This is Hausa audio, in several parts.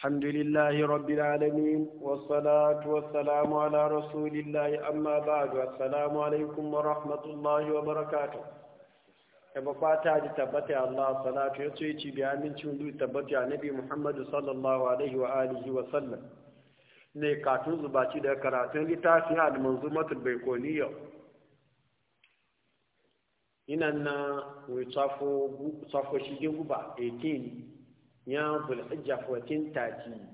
الحمد لله رب العالمين والصلاة والسلام على رسول الله أما بعد السلام عليكم ورحمة الله وبركاته كما فاتا تبتع الله صلاة يسويتي بأمين تندو تبتع نبي محمد صلى الله عليه وآله وسلم ne katun zubaci da karatun littafin al-manzumatul baikoniya ina na wai tsafo shigin guba 18 ya kula ajiya 1438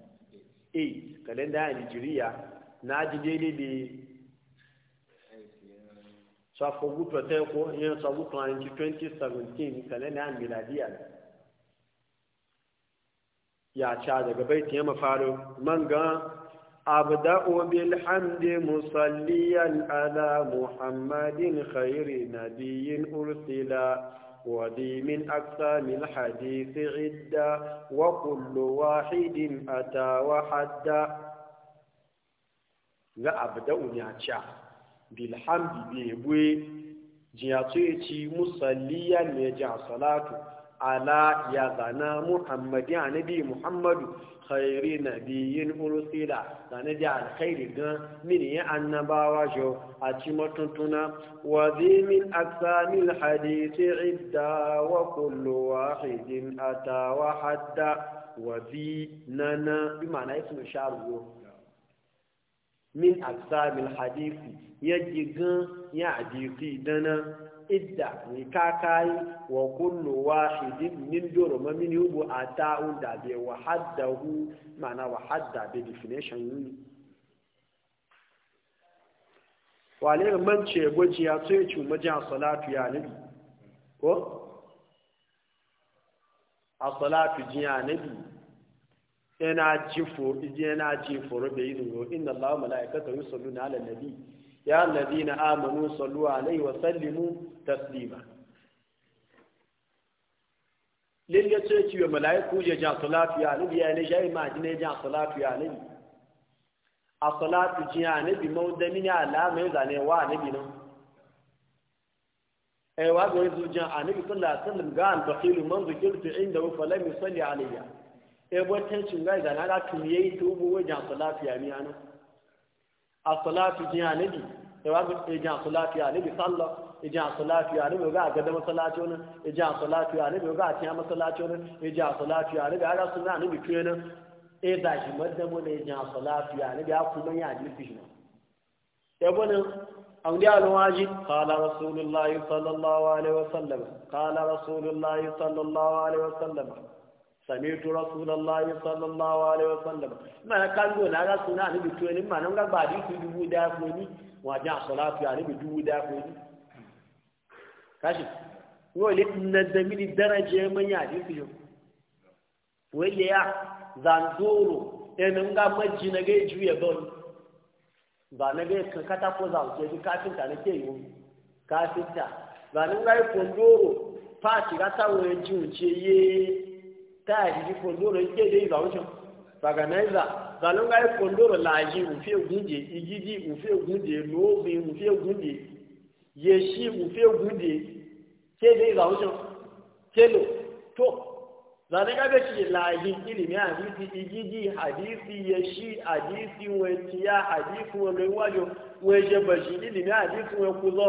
kalenda ya nigeria na ajiye daidai da safogutu teku ya safogutu 2017 kalenda ya miladiyar ya ca daga baiti ya mafaru manga abda'u bil hamdi musalliyan ala muhammadin khairi nabiyin ursila وبي من أقسام الحديث عدة وكل واحد أتى وحدا ga abda'un ya ca bilhamdi bai gwe jiya ce ci musalliya ne ja salatu ala ya gana muhammadi a nabi muhammadu khairi nabiyin urusila da na ji alkhairi gan mini ya annabawa jo a ci matuntuna wa zimin aksamil hadisi idda wa kullu wahidin ata wa hadda wa zi na na bi ma'ana ismu min aksamil hadisi ya ji ya hadisi dana idda ni kakai wa kullu wahidin min duru ma min yubu ata unda bi wa haddahu mana wa hadda bi definition wa wale man ce goji ya sai ci maji a salatu ya nabi ko a salatu ji ya nabi ina ji foro yana ji foro be yin yo inna allaha malaikatahu yusalluna ala nabi ya na amanu sallu alaihi wa sallimu taslima lin ya ce ciwo mala'iku ya ja salatu ya nabi ya ne jai ma ne ja salatu ya nabi a salatu ji ya nabi maudani ne alama ya zane wa nabi nan ai eh, wa ga yanzu jan annabi sallallahu alaihi wasallam ga an bakhilu man zikirtu inda fa lam yusalli alayya ai eh, wata cin ga da na ga tun yayi tubu wajen salatu ya mi anan a salatu ji ya sababu ejan salati ya nabi sallallahu ejan salati ya nabi ga ga masallaci wani ejan salati ya nabi ga tiya masallaci wani ejan salati ya nabi ga sunna nabi kiyana e da shi madda mu ne ejan salati ya nabi ya kuma ya ji fishi ya bana an ga alwaji qala rasulullahi sallallahu alaihi wasallam qala rasulullahi sallallahu alaihi wasallam samitu rasulullahi sallallahu alaihi wasallam ma kan do na ga suna ni bi to ni ma nan ga ba di su dubu da ko ni wa ja salatu ya ni bi dubu da ko ni kashi wo le na da mini daraje man ya di wo wele ya zanduru ga ma maji na ga ju ya don ba na ga ka kata ko za ke ji kafin ta ne ke yi kafin ta ba nan ga kondoro pa ti ga tawo ji unce ye táyà yìí kòndóró ìkéde ìbàwọ́sọ fàgànáìzà zàlóńgá kòndóró làyè òfé gúndé ìjídí òfé gúndé lóògbé òfé gúndé yèsí òfé gúndé kéde ìbàwọ́sọ kélo tó zàlóńgá bẹ ti làyè ìlìmí àdìsí ìjídí àdìsí yèsí àdìsí wọn tìyà àdìsí wọn lóyúnwájú wọn ẹsẹ bẹsí ìlìmí àdìsí wọn kú lọ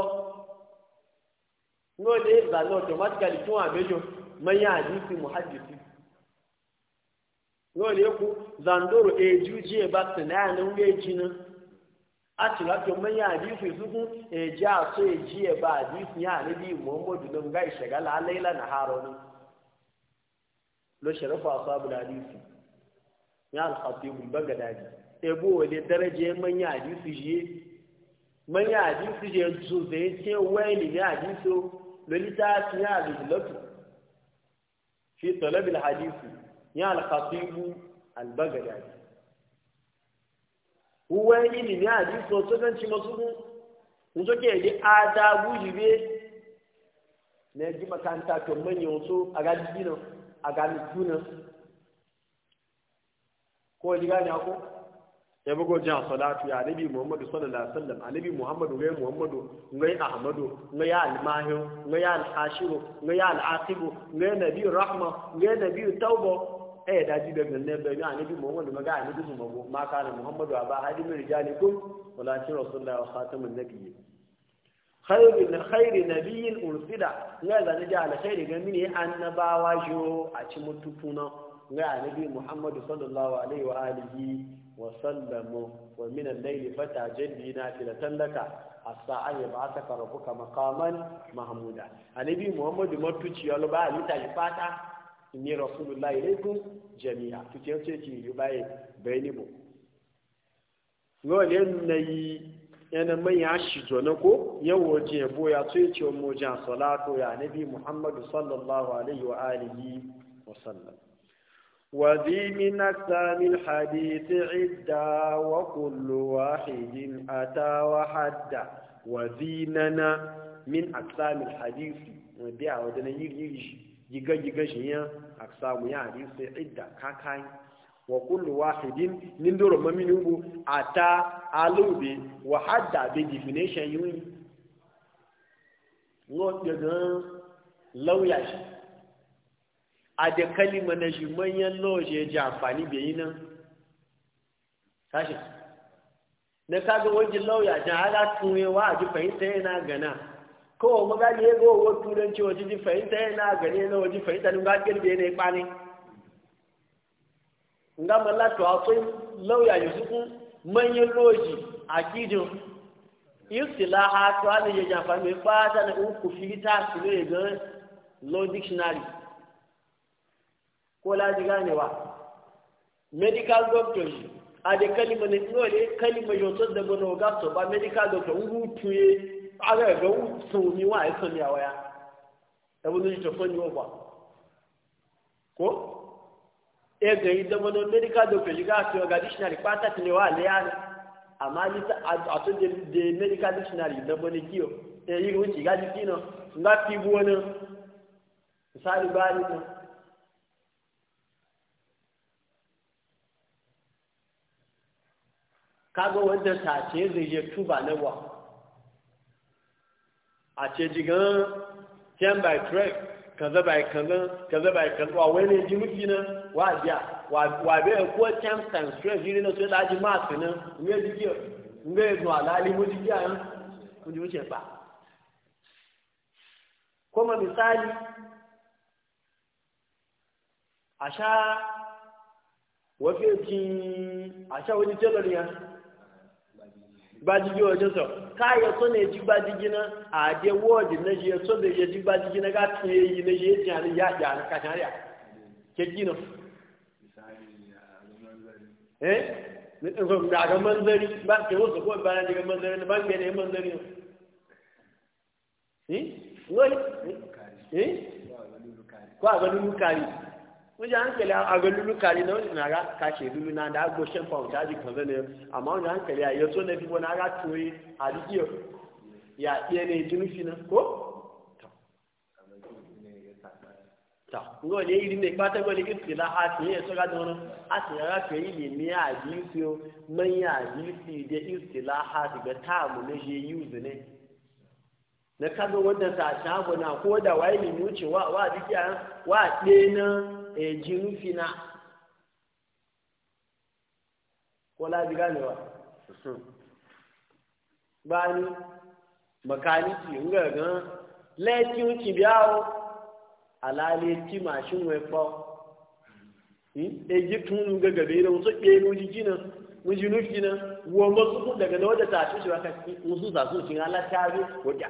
ní ó lé zàlóńgá automatically tún àbẹjọ mẹyà àdìsí muhadìsí. ngoli yoku zandoro eju je batsina na nge jina na lati mo ya hadisi suku eji aso eji e ba hadisi ya ni bi muhammadu no ngai shagala laila na haroni lo sharafa ashabul hadisi ya al-khatib al ebu ebo wale daraje manya hadisi je ya hadisi je zuze ti weli ni hadisi lo lita ti ya bi lotu fi talab al ya alkhatibu albagdadi huwa ilimi hadisi so to kan ci masu ndị a yi adabu jibe na ji makanta to a gaji nan a gani tunan ya bugo ji a salatu ya nabi muhammadu sallallahu alaihi wasallam annabi muhammadu ngai muhammadu ngai ahmadu ngai almahi ngai alhashiru ngai alaqibu ngai nabi rahma ngai nabi tauba ɗaya eh, daji da ganne bai ga annabi Muhammadu maga annabi Muhammadu ma kana Muhammadu aba hadimin rijalikum walakin rasulullahi wa khatamun nabiyyin khairu na khairi nabiyyin ursida ya zani da alkhairi ga mini annabawa jo a ci mutufuna ga annabi Muhammadu sallallahu alaihi wa alihi wa sallamu wa min al-layli fatajallina filatan tallaka. asa ayi ba ta karabuka maqaman mahmuda annabi Muhammadu matuci ya lo ba alita fata inni rasulullahi ilaikum jami'a tuke ce ki yi baye bayani bu lo le nayi yana mai ya shi jona ko yawo je bo ya ce ce mu jan salatu ya nabi muhammadu sallallahu alaihi wa alihi wa sallam وذي من أكثر الحديث عدة وكل واحد أتى وحدة وذيننا من أكثر الحديث وبيع ودنا يجي يجي shi ya. aksamu ya hadisi idda kakai wa kullu wahidin min duru mamini ubu ata alubi wa hadda be definition yun ngo daga lawyer shi a de kalima na shi manyan loje ji amfani bai yi nan tashi na kaga wajen lauya jan haga tunwe wa a ji fahimta yana gana kawai maga ne ga wa turanci waje ji fahimta yana gare na waje fahimta ne ga kirbe ne kwane nga to akwai lauya yusufu manyan roji a kijin istilaha to ana jafa mai fata na uku fita su ne ga law dictionary ko laji ganewa medical doctor a da ne da ba medical doctor aga ga sun mi wa ya san ya waya onye wani ta fan ko e ga yi medical doctor shiga to ga dictionary pata wa le ya a de de medical dictionary da wani kiyo e na ba ni wa a ce jigan 10 by 12 kaza by kaza kaza by kaza wa wani ji mufi nan wa biya wa biya ko 10 times 12 jiri na sai laji masu nan ne jiki ne zo alali mu jiki a yan ji wuce ba kuma misali a sha wafe a sha wani jelon ya ba gbajigi ojo so ka yo so ne ji gbajigi na a je word na je so de ye ji gbajigi na ga tin ye yi ne ye ti ani ya ja na ka ja ya ke ji no eh ne so da ga manzari ba ke wo so ko ba na ga manzari ba ke ne manzari no eh wo eh, eh? ko ga ni lukari ko ga ni lukari wọ́n jẹ́ àǹkẹ̀lẹ̀ àgbẹ̀lúlú kàrí náà ní ara kàṣẹ lúlú náà dá gbọ́ ṣẹ́ fún ọ̀dájì kan lẹ́nu àmọ́ wọ́n jẹ́ àǹkẹ̀lẹ̀ àyọ tó lẹ́bi wọn ara tó yé àdíjì ọ̀ yà á tiẹ̀ ní ìdúnú fi náà kó. tà ngọ́ ní èyí ní pátákó ní kìtì la a ti yẹ sọ́gá a ti yìí ní mẹ́yìn la a ti bẹ táàmù ní ní. na eji rufi ko laji ganewa mm-hmm. bani makaniki nga gan lẹ́ẹ̀tí ń kìbí àwọ̀ àlàálẹ̀ tí màá ṣí wọn ẹ̀pọ̀ èyí tún ń gẹ́gẹ́ bí ẹ̀rọ tó pé ẹ̀rọ jíjí náà mo jí inú fi náà wọ ọmọ tuntun dẹ̀gẹ̀ náà ó dẹ̀ta àṣìṣe wa kàkí su sún sàṣún sí aláṣáájú ọjà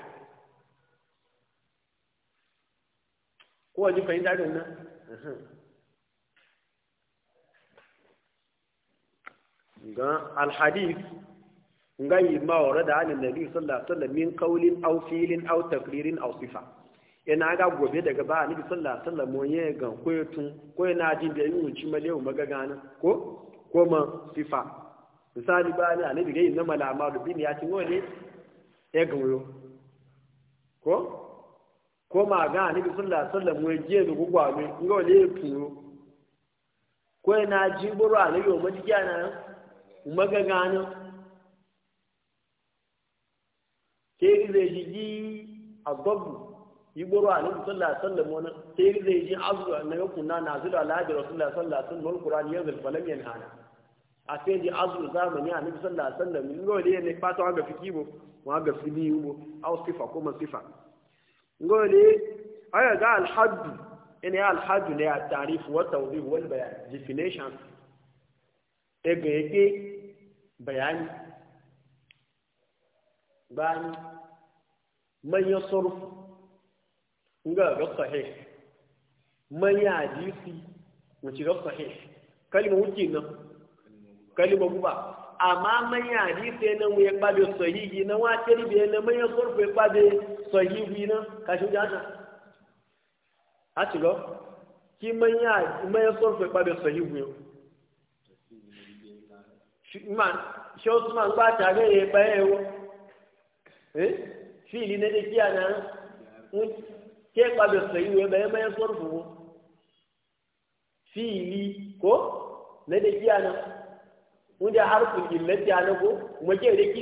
wọ́n jí fẹ̀yìntà rẹ̀ ga mhm. alhadith ga yi ma wa rada alin nabi sallallahu alaihi wasallam min qawlin aw fi'lin aw takririn aw sifa ina ga gobe daga ba nabi sallallahu alaihi wasallam wani ga koyatun ko ina jin da yin ci malewu magagana ko ko ma sifa misali ba ni annabi ga inna malama bin ya cin wani ya gawo ko ko ma ga ni bi sallallahu alaihi wasallam we je du gwa mi ngo le tu ko na ji buru ale yo ma diga na umaga gano ke le ji ji azabu yi buru ale bi sallallahu alaihi wasallam wona ke le ji azu na ga kunna na zula ala ji rasulullahi sallallahu alaihi wasallam alquran yanzil falam yanhana a sai ji azu zamani a nabi sallallahu alaihi wasallam ngo le ne ba to ga fikibo wa ga fili yubo au sifa ko ma sifa ngole aya ga alhaddu ina alhaddu ne a tarifu wa tawbi wal bayan definition e ga yake bayani bani man ya sarfu nga ga sahih man ya hadisi wace ga sahih kalma wuce nan kalma guba amma man ya hadisi nan ya kwabe sahihi na wa tarbiya na man ya sarfu ya sahihi na kashin jata a ti lọ kí mẹ́yẹ sọ́rọ̀ pẹ̀pẹ́ sahihi yau ṣe ó túnmà gbá àtàrí ẹ̀pẹ́ ẹ̀wọ́ fi ìlú ní kí àná ń kí ẹ̀pẹ́ bẹ̀ sahihi ẹ̀bẹ̀ mẹ́yẹ sọ́rọ̀ fòwò fi ìlú kó ní kí àná ń jẹ́ harfin ìlẹ́tì àná kó mọ̀ kí ẹ̀rẹ́ kí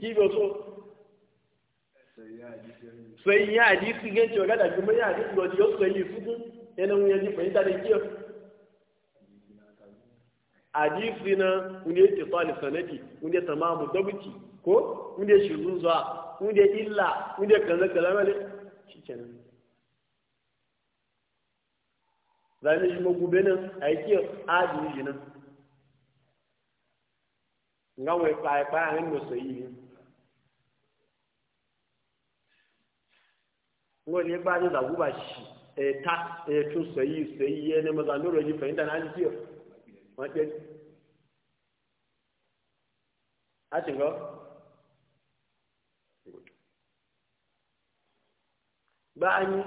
kí ló tó sẹyìn àdìsí gẹ́ǹtì ọ̀gá dàbí mọ́ yẹn àdìsí lọ́dí yóò sẹyìn ìfúkún ẹni wọn yẹn ti pẹ̀yìn dáadé kí ọ. àdìsí náà wọ́n yẹ tẹ̀fọ́ àlìsànẹ́tì wọ́n yẹ tàmá àmọ̀ dọ́bìtì kó wọ́n yẹ ṣùgbọ́n zọ́à wọ́n yẹ ìlà kala yẹ kànákàlá mẹ́lẹ́ kíkẹ́ náà. zani shi magubenin a yi kiyar adini nan nga wee kpaa kpaa aŋ no so yiri ngo ne kpaa ne zagu ba shi eta etu so yi so yi ye ne mo za ndoro yi fahimta na aji tiyo wate ati ngo ba anyi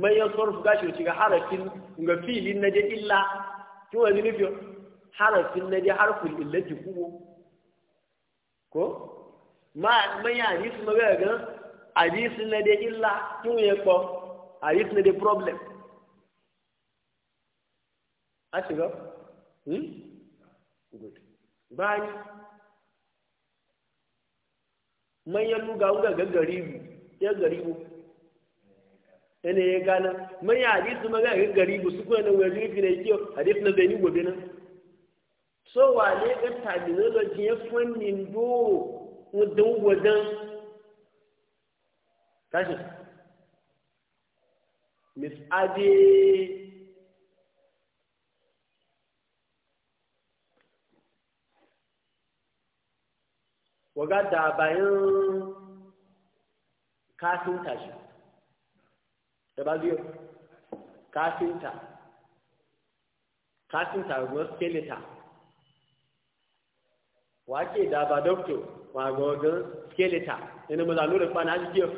manyan sorfu gashi shiga harafin ga filin na je illa kin wani nufiyo harafin na dai harfin illati kubo ko ma manya hadisi magana ga hadisi na dai illa tun ya kpɔ hadisi na dai problem a shiga hmm good bani manyan luga wuga ga garibu ya garibu yana ya gana manyan hadisi magana ga garibu su kuma na wajen fi na kiyo hadisi na zai ni gobe na. so wa wane ga terminology ya fannin doro wajen wajen tashi miss ade waga da bayan kafinta shi da ba biyu kafinta kafinta ruwan skeleton Wa wake da ba dokto wa gogon skeleta ina mu zanu da fana jiyo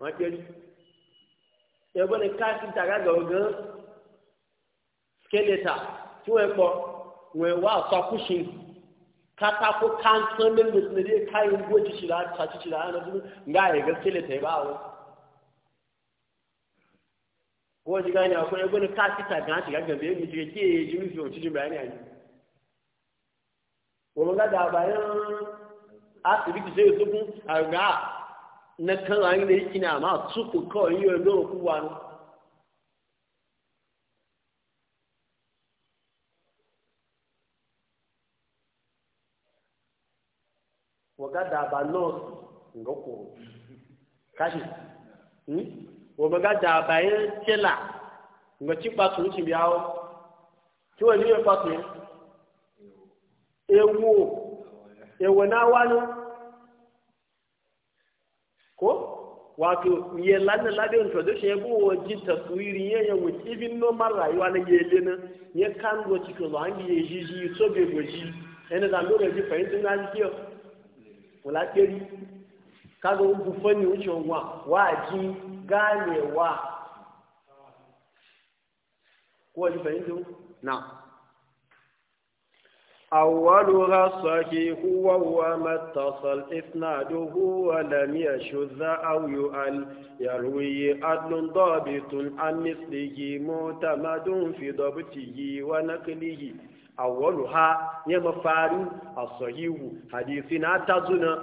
wa ke e bo ne ka tin ta ga gogon skeleta ti we po we wa fa kushin kata ko kan san min da ne kai goji shi la ta ci la na bu ga ya ga skeleta ba wo ko ji ga ne akwai ibn kasita ga shi ga gabe mi ke ji mi so ci bayani ani wọ́n ga da bayan asibiti sai su kun a ga na kan an da yake na ma su ku kawai yi wani lori kuwa ne wọ́n ga da ba nọ́ọ̀sì nga kuro kashi hmm? wọ́n ga da bayan tela nga ci patu ci biyawo ci wani yi patu ewu ewe na wani ko wato ye lanna labe introduction ya buwa ji taswiri ya ya wuce ibin normal rayuwa na yele na ya kan cikin lo hangi ya ji ji so be go ji ene da ndoro ji fahimtin na ji kiyo wala keri kaga ugu fanni wuce wa wa ji ganewa ko ji na أولها الصحيح وهو ما اتصل إسناده ولم يشذ أو يؤل يروي عدل ضابط عن مثله معتمد في ضبطه ونقله أولها يمفار الصحيح حديثنا تزن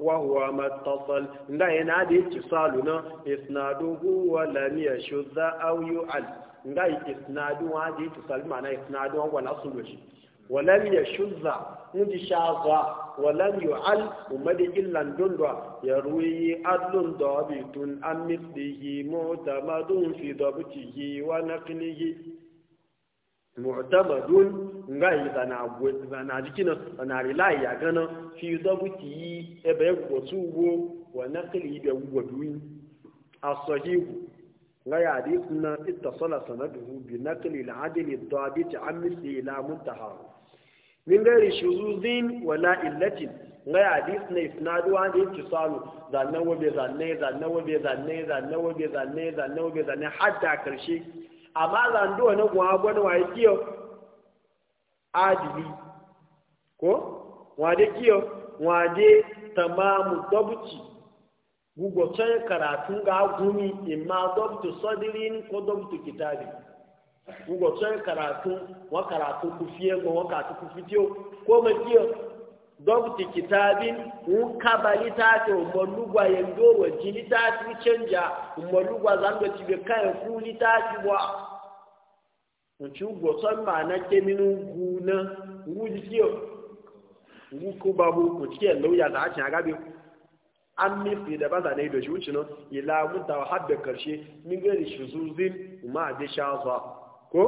وهو ما اتصل لا ينادي اتصالنا إسناده ولم يشذ أو يؤل لا إسناده هذه اتصال معنى إسناده ونصل وشيء ولم يشذ مجشاظا ولم يعل ومد الا دندوا يروي ادن ضابط عن مثله معتمد في ضبطه ونقله معتمد ngai zana zana jikina zana rilai ya gana fi zabuti ebe gwotu ugbo wa nakili ibe ugbo duyi asahihu ngai di na ittasala sanaduhu bi nakili al an misli ila min gairi shuzuzin wala illatin ngai hadis ne isnadu an da yake salu zanne wabe zanne zanne wabe zanne zanne wabe zanne zanne wabe zanne hadda karshe amma zando wani kuma gwani wa kiyo adili ko wade kiyo wade tamamu dabuci gugocin karatun ga gumi imma dabtu sadirin ko dabtu kitabi ngocen karatu wa karatu ku fiye ko wa karatu ku fitiyo ko ma fiye dogti kitabin un kabali ta ce umarlugwa yanzu wa jini ta ci canja umarlugwa zanga ci bai kayan kuli ta ci wa nci gocen ma na keminu guna nguji fiye nguku babu ku cike lauya da hacin agabi an fi da ba zane da shi wuce nan ila mutawa har da karshe min gani shi zuzin ma a sha zuwa ko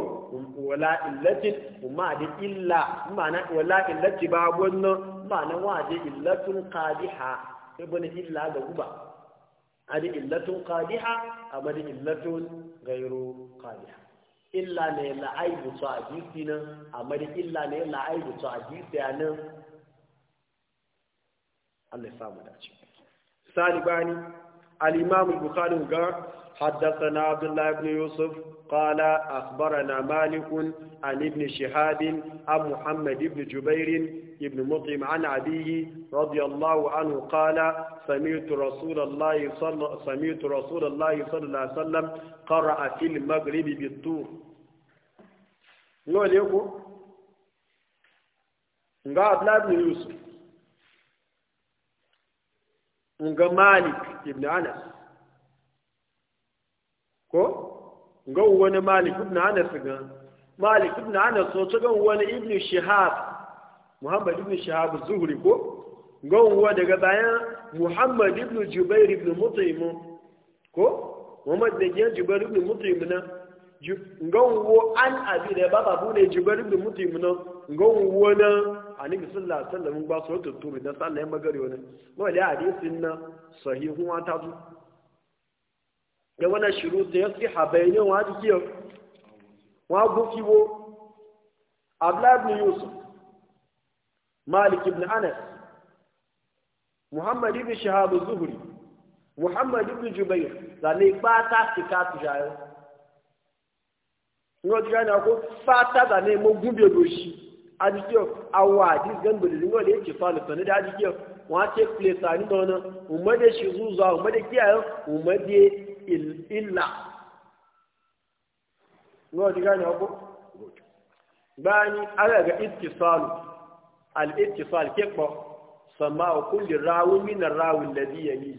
wala illati kuma da illa ma'ana wala illati ba gwanno ma'ana waje illatun qadiha ibn illa da guba adi illatun qadiha amma da illatun gairu qadiha illa ne la aibu ta ajisina amma da illa ne la aibu ta hadisi nan Allah ya samu dace salibani al-imam al-bukhari ga haddathana abdullah ibn Yusuf. قال أخبرنا مالك عن ابن شهاب عن محمد بن جبير ابن مطعم عن أبيه رضي الله عنه قال سمعت رسول الله صلى سمعت رسول الله صلى الله عليه وسلم قرأ في المغرب بالطور نقول لكم نقول لا ابن يوسف نقول مالك ابن أنس ko ga wani malik ibn anas ga malik ibn anas so ta ga wani ibn shihab muhammad ibn shihab zuhri ko ga wa daga bayan muhammad ibn jubair ibn mutaim ko muhammad da jiya jubair ibn mutaim na ga wa an abi da baba bune jubair ibn mutaim na ga wa na annabi sallallahu alaihi wasallam ba so to to da sallan magari wani wala hadisin na sahihu wa ta da wannan shirutu ya siha bayanin wa jikiyar wa gukiwo abdullahi ibn yusuf malik ibn anas muhammad ibn shahab zuhri muhammad ibn jubair zane pata sika tujayo ngo tujayo na ko pata zane mo gumbe doshi adikio awa dis gambo de ngo le ti falo tani da adikio wa take place ani dona umade shizuza umade kiyayo umade illa no diga ne ko bani ala ga ittisal al ittisal ke ko sama kulli rawi min rawi alladhi yali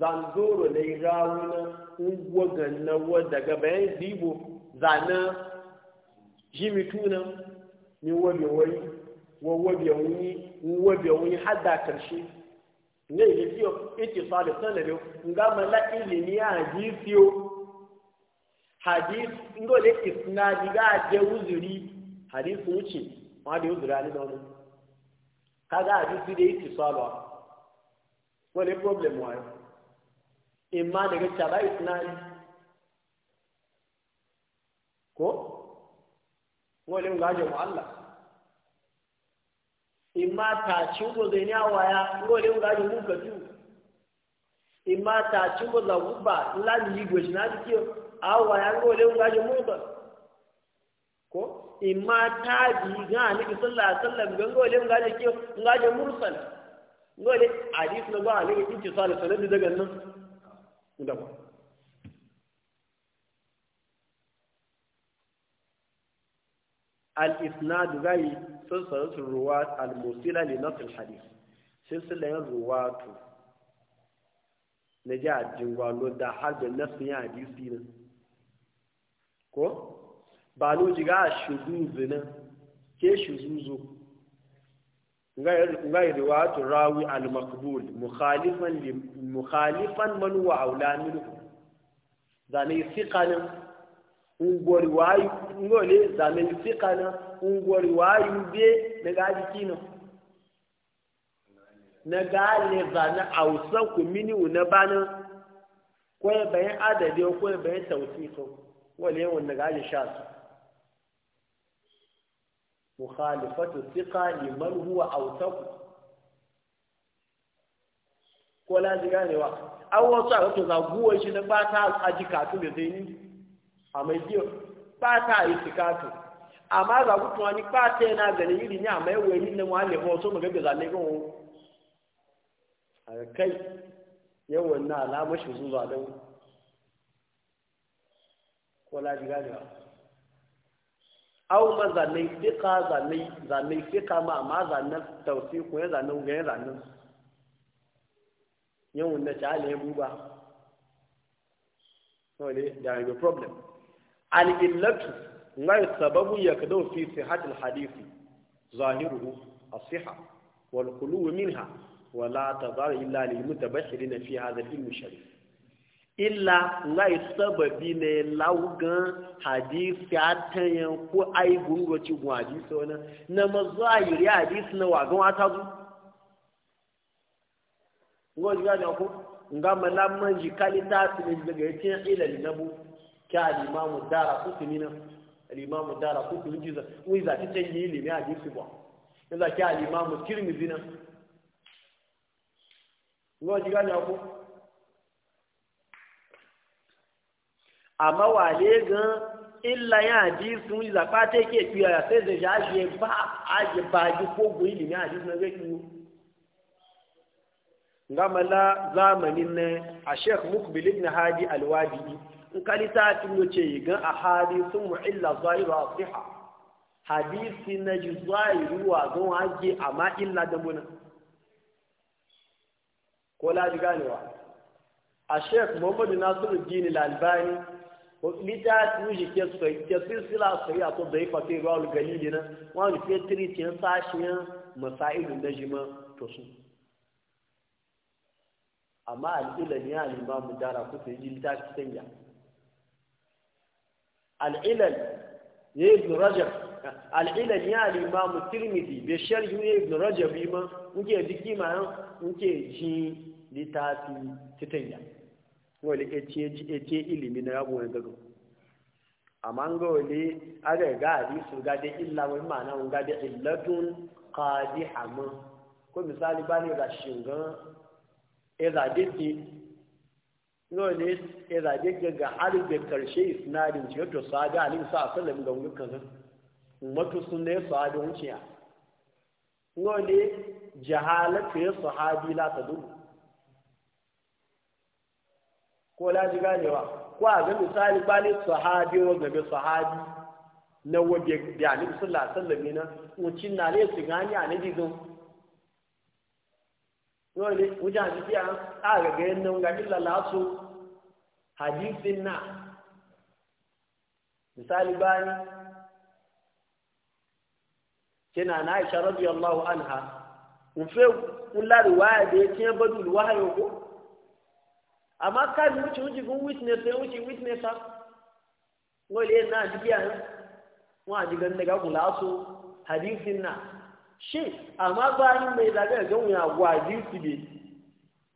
zanzuru lay rawuna ungwa ganna wada ga bayan dibo zana jimituna ni wabe wai wa wabe wani wabe wani hadda karshe ne ile ti o iti sale sale lo nga ma la ilimi hadisi o hadis ngo le isnadi ga je uzuri ma da uzuri ani da wani kaga hadisi da iti sale problem wa imma daga taba isnadi ko ngo le nga imma ta chingo zeni awaya ngole ungaji muka tu imma ta chingo za guba la nigwe shinati kio awaya ngole ungaji muka ko imma ta bi ga ni sallallahu alaihi wasallam ga ngole ungaji kio ungaji mursal ngole hadith na ba ne kinci sallallahu alaihi wasallam daga nan inda ba al-isnad ghaib silsilatu ruwat al-musila li nasl hadith silsilan ruwatu na ji ajin gwalo da har da nasin ya hadisi nan ko ba no jiga a shuzuzu nan ke shuzuzu ngai riwatu rawi al-maqbul mukhalifan mukhalifan man wa aula minhu da ne siqanin ungori wayu ngole zame fikana ungori wayu be daga jikino na gale zana ausan ku mini na bana koy bayan adadi koy bayan tawsifo wale won daga ajin sha su mukhalifatu thiqa liman huwa ku. ko la diga wa an sa a za guwo shi na ba ta ajika katu da zaini àmẹ́jì pátá ìsìkáàtù àmá àgbàkùtù wọn ní pátá ẹ̀ náà gẹ̀rẹ̀ yìí ní àmọ́ ẹ̀wọ̀ ẹ̀rí nínú wọn lè fọ́ sọ́mọ̀ gẹ́gẹ́ gà lé wọn. àrẹ̀kẹ́ yẹ̀wò náà lámọ́sí zuzu àdéhùn kó láti gáàdì wa. auma zane fika fika ma amma zane tausi ko ya zane ga ya zane yawon da ta ale buba. Wale, there is a problem. al'illatu ngai sababu ya kadau fi sihatil hadisi zahiruhu asiha wal kulu minha wala tazar illa lil mutabashirin fi hadha al ilm sharif illa ngai sababi ne laugan hadisi tayan ko ai gungo ci gun hadisi wana na mazahiri hadisi na wagan wata zu ngo jiga ne ko ji kalita jikali ta tsin daga yace ilal nabu ta limamu dara kutumi nan limamu dara kutumi jiza wai za ta canji ilimi a jisu ba ya za ta limamu tirmizi nan ruwa ji gani ku amma wale gan illa ya ji sun yi zaɓa ta ke fiye ya sai da shi ajiye ba ajiye ba ji ko bu ilimi a jisu na zai kiwo gamala zamanin na a sheikh mukbil ibn hadi alwadi nkali ta tun yi ce gan a hadisun mu'illa zahiru a siha hadisi na ji zahiru ruwa, zuwa hajji amma illa da muna ko laji ganewa a sheikh muhammadu nasiru gini lalbani lita tuji ke su yi a to da yi fafi ruwa galili na wani fetri tiyan sashiyan masa'ilun da jima to su amma al'ilani ya mu dara kusa yi lita canja. al'ilal ya ibn rajab al'ilal ya al'imamu tirmidhi bai sharhi ya ibn rajab yi ma muke jiki ma yan muke ji litafi titan ya wani ake ilimi na yabo wani gado amma ga wani aga ga hadisu ga da illa wani ma'ana wani ga da illatun qadi hamun ko misali ba ne ga shingan ezadeti ne ya zage ga har da karshe isnadin ce to sahabi alim sa sallam ga wani kazan ummatu sunna ya sahabi wuce ya ne jahalatu ya sahabi la ta dubu ko la ji ganewa ko a ga misali bali sahabi wa gabe sahabi na waje da alim sallallahu alaihi wasallam na mucin na ne su gani a nabi gan dole wujen hadisi a aka ga yin nan ga illala su hadisin na misali bani kina na aisha radiyallahu anha in fe kula riwaya da ya tiyan badu riwaya ko amma ka bi wuce wuce gun witness ya wuce witness ha dole yin na hadisi a wọn a digan daga kula su hadisin na shi amma bayan mai zaɓe ga wuya gwaji su ne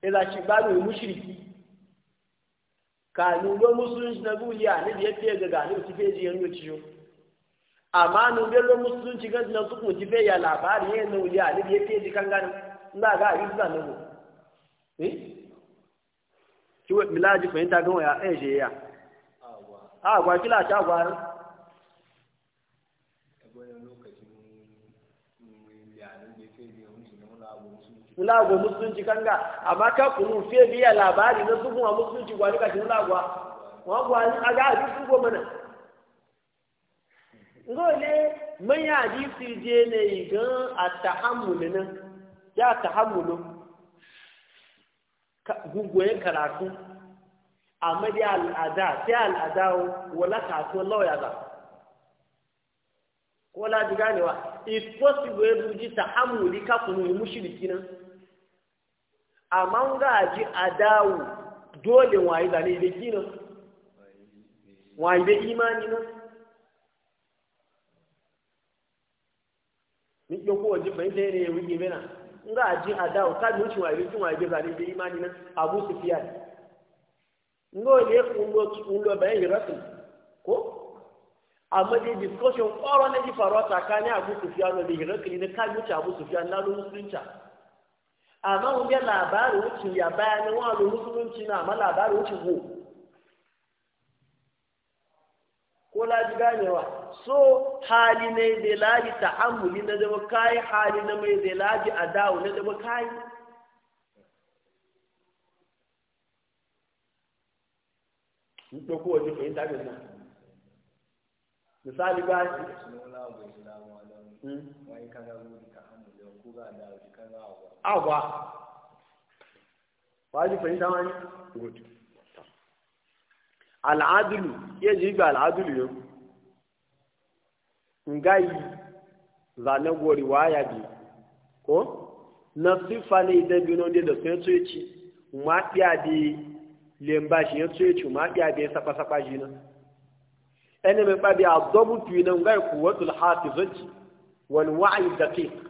ila shi ba mai mushriki Ka don musulunci na duniya ne biyar ya fiye ga gani su fiye ji yanzu ciyo amma nun biyar don musulunci ga na su kuma jife ya labari yin na wuya ne da ya fiye ji kan gani ina ga abin zuwa nan eh ki wa milaji fahimta ga wuya ɗaya eh, je ya a gwa kila ta gwa ulago musulunci kanga amma ka kunu fiye biya labari na zubun a musulunci gwani ka shi ulagwa wagwa a ga abi su goma mana ngole man ya ji su je ne gan atahammul nan ya tahammulu ka gugoye karatu amma madi al'ada sai al'ada wala kasu Allah ya ko la diga ne wa it possible ya ta tahammuli ka kunu mushriki nan amma ga ji adawu dole wayi da ne da kina wayi da imani na ni ko ko ji bai da ne wuki bena ga ji adawu ka mu ci wayi da wayi da da imani na Abu ngo bai rasul ko amma dai discussion ƙoro na ji faruwa tsakanin Abu da ne ka ji Abu na amma mun ga labarin wuce ya bayanin wani musulunci na amma labari wuce go ko laji ganewa so hali ne da laji ta'amuli na zama kayi hali na mai da laji adawu na zama kayi Nito ko fahimta Misali ba shi. Wani hmm? ka hamu da da agwa ba ji fahimta ma ne al'adulu iya ji ga al'adulu yau ngayi zane gori waya bi ko na sifa ne idan bino ne da sai tsoci ci ɗiya bi lemba shi ya tsoci ci ɗiya bi ya sapa-sapa shi nan ɗan mai ɓabi a zabutu yi nan ngayi kuwatul hafi zaci wani wa'ayi daƙiƙ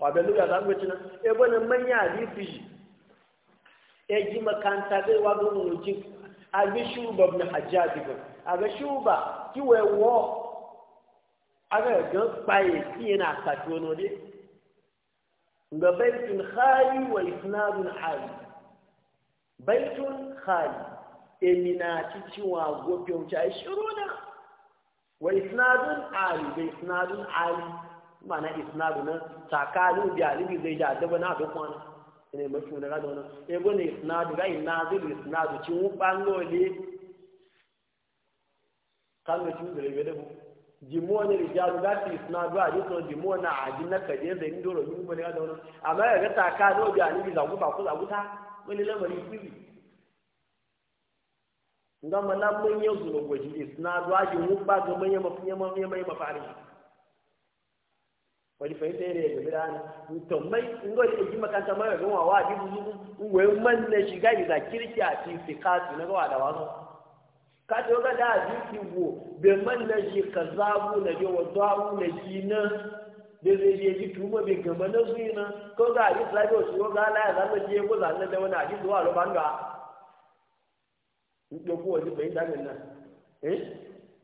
wabe luga za mu tuna e bane manya hadisi e ji makanta be wa go mu ji a bi shuba ibn hajjaj go a ga shuba ki we wo a ga ga pai ki yana ka de ga baitun khali wa isnadun ali baitun khali e mina ci ciwa go pyon cha shuruna wa isnadun ali bi isnadun ali ma'ana isnadu na taka da alibi zai ja na duk wani ne mafi wani rada wani ego na e, isnadu ga ina isnadu ci wun bangole kan da cin ne rijalu ga ci isnadu a jiso jimo na aji na kaje da ni doro yin wani rada wani amma ya ga tsakanin da alibi zagu ba zagu ta wani lamari kiri nga malamun yanzu na gwaji isnadu a jin wun ba ga manyan mafi yamma yamma yamma fari wani fahimta ne da gida na to mai in ga yake makanta mai ga wa wai man shiga kirki a cikin kasu na gawa da wazo ka to ga da jiki go be man ne shi kazabu na je wa daru na shi na da zai je ji tuma be gama na su na ko ga yi sai ko shi ga la ya zama je ko zan da wani aji zuwa lo banga in ko ko ji bai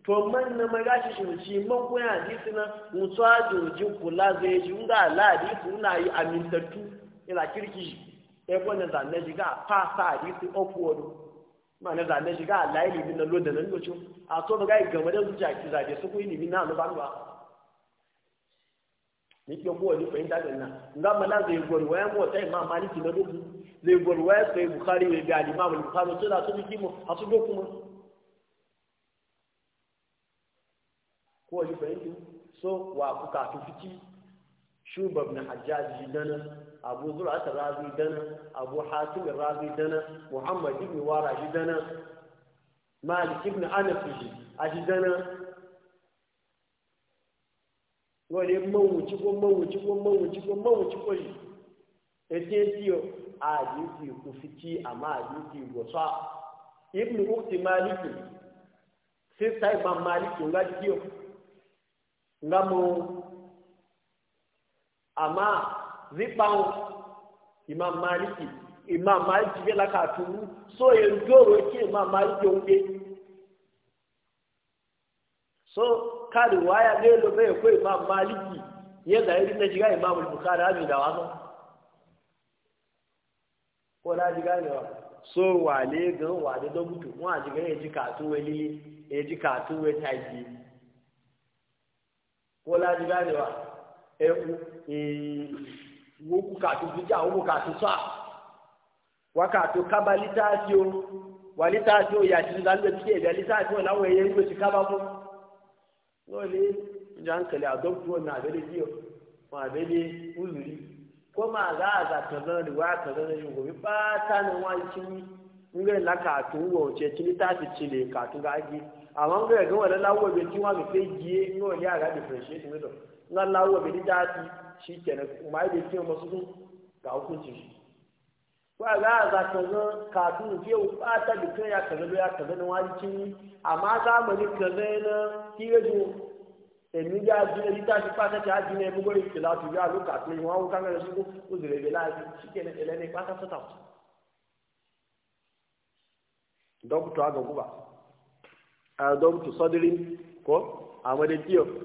to man na mai gashi shirci man kuna hadisi na mutuwa jojin kula zai ji nga ala hadisi una yi amintattu ila kirki ya kwanan zanen shiga a fasa hadisi ofuwar ma na zanen shiga ala ilimi na lodda nan gocho a to ba gai game da zuciya ki zaje su ku ilimi na alu banuwa ni ke kowa ni fahimta da nan nga mala zai gwarwa ya wata imam maliki na dubu zai gwarwa ya sai bukhari ya bi al-imam al-bukhari to da su bi kimo a su dokuma ko wani fahimtu so wa ku kafin fiki shubab na hajjaji dana abu zura'at razi dana abu hatim razi dana muhammad ibn wara shi dana malik ibn anas ji a shi dana wani mawuci ko mawuci ko mawuci ko mawuci ko shi ete tiyo a yi ku fiki amma a yi ku gwasa ibn ukti malik sai sai ban maliki ga tiyo ngamu amma zipan imam maliki imam maliki bai laka turu so ya doro ki imam maliki wuɗe so kari waya ne lo bai ko imam maliki yadda irin na jiga imam bukhari abi da wasu ko na jiga ne wa so wale gan wale don mutu mu a jiga ya ji katu wani ya ji katu ko laji ganewa woku katu bija woku katu sa wakatu kaba litatio walitatio yatinzalwe o ya litatio na we yengo tikaba ko lole njan kale adopto na bele dio ma bele uzuri ko ma za za kaza da wa kaza da yugo bi pata na wanci ngai la katu wo ce tilitati cile katu gaji àwọn ń gbẹ̀rẹ̀ gánwọ̀n láwọ̀ ibi tí wọ́n lè fẹ́ yé ní òní àgá differentiation mẹ́tọ̀ ńlá láwọ̀ ibi dídá ti ṣì kẹ̀rẹ̀ ọmọ tí wọ́n sún gà ó kún jìrì. wọ́n àgbà àgbà kàngan kàtún fi ewu kan ya kàngan lóya kàngan ni wọ́n á ti ní àmọ́ àgbàmọ̀ ní kàngan náà kí rédíò èmi bí a ti pàṣẹ tí a di ní ẹgbẹgbẹ ìṣẹlẹ àti ìyá àlùkò àti ìwọn àwọn kámẹrẹ sí kó o adamtu sadrin ko a madin amade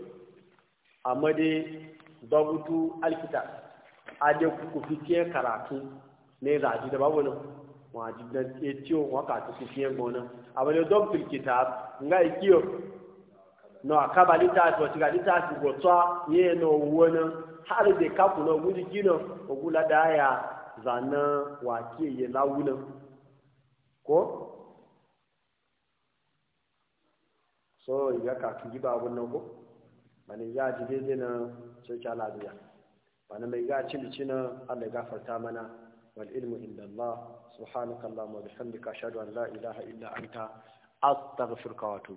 a madin dagutu alkita a dai ku fiye karatu ne zaji da babu a ji da ke wa ka ta su fiye gona a madin dagutu kita nga ikiyo na akaba litasi wacce ga litasi gotsa ne na wani har da kafu na wuri gina ogula da ya zanen wake ya lawunan ko so ya kakin giba abun nan ko bani ya ji daidai na sai ka lafiya wani mai ga ci bici na Allah ya gafarta mana wal ilmu inda Allah subhanaka Allahumma bihamdika ashhadu an la ilaha illa anta astaghfiruka wa atubu